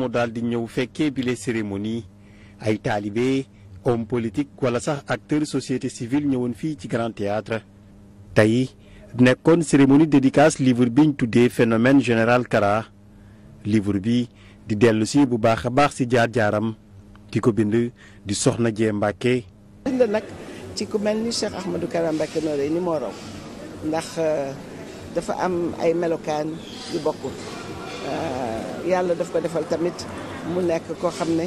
mu daal di ñëw fekkee bile cérémonie ay taalibe homme politique wala sax acteur société civile ñëwoon fii ci grand théâtre tey nekkoon cérémonie dédicace livre biñ tuddee phénomène général Kara livre bi di dellu si bu baax a baax si jaar-jaaram di ko bind di soxna Jee Mbàkke la nag ci ku mel ni Cheikh Ahmadou Kara Mbàkke noonu ni moo raw ndax euh, dafa am ay melokaan yu bokkul euh, yàlla daf ko defal tamit mu nekk koo xam ne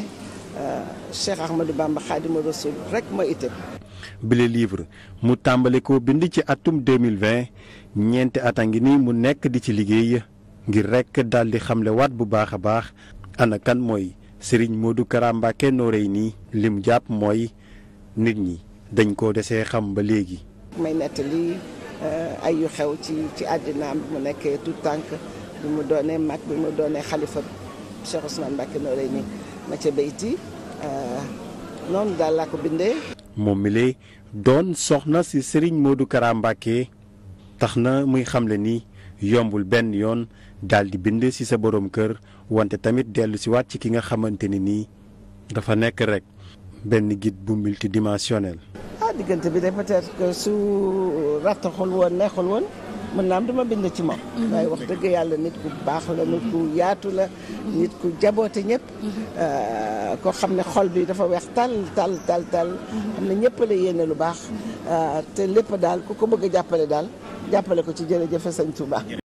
euh, Cheikh Ahmadou Bamba ma Rassoul rek mooy itam. bile livre mu tàmbali ko bind ci atum 2020 ñeenti at a ngi nii mu nekk di ci liggéey ngir rekk daal di xamle waat bu baax a baax ana kan mooy Serigne Modou Kara Mbacké nii li jàpp mooy nit ñi dañ koo desee xam ba léegi. may nettali euh, ay xew ci ci àddinaam mu nekkee tout tànk bi mu doonee mag bi mu doonee xalifa Cheikh Ousmane Mbacké Noreyni Mathia Beyti euh, noonu daal laa ko bindee. moom mi lay doon soxna si Serigne Modou Kara Mbacké tax na muy xamle ni yombul benn yoon daal di bind si sa boroom kër wante tamit dellu si waat ki nga xamante ni nii dafa nekk rek benn guide bu multidimensionnel. ah diggante bi de peut que su rattaxul woon neexul woon. mën naa am duma bind ci moom mm-hmm. waaye wax dëgg yàlla nit ku baax la nit ku yaatu la nit ku jaboote ñëpp mm-hmm. euh, koo xam ne xol bi dafa weex tal tal tal mm-hmm. xam ne ñëpp la yéene lu baax euh, te lépp daal ku ko bëgg jàppale daal jàppale ko ci jërëjëf sañ Touba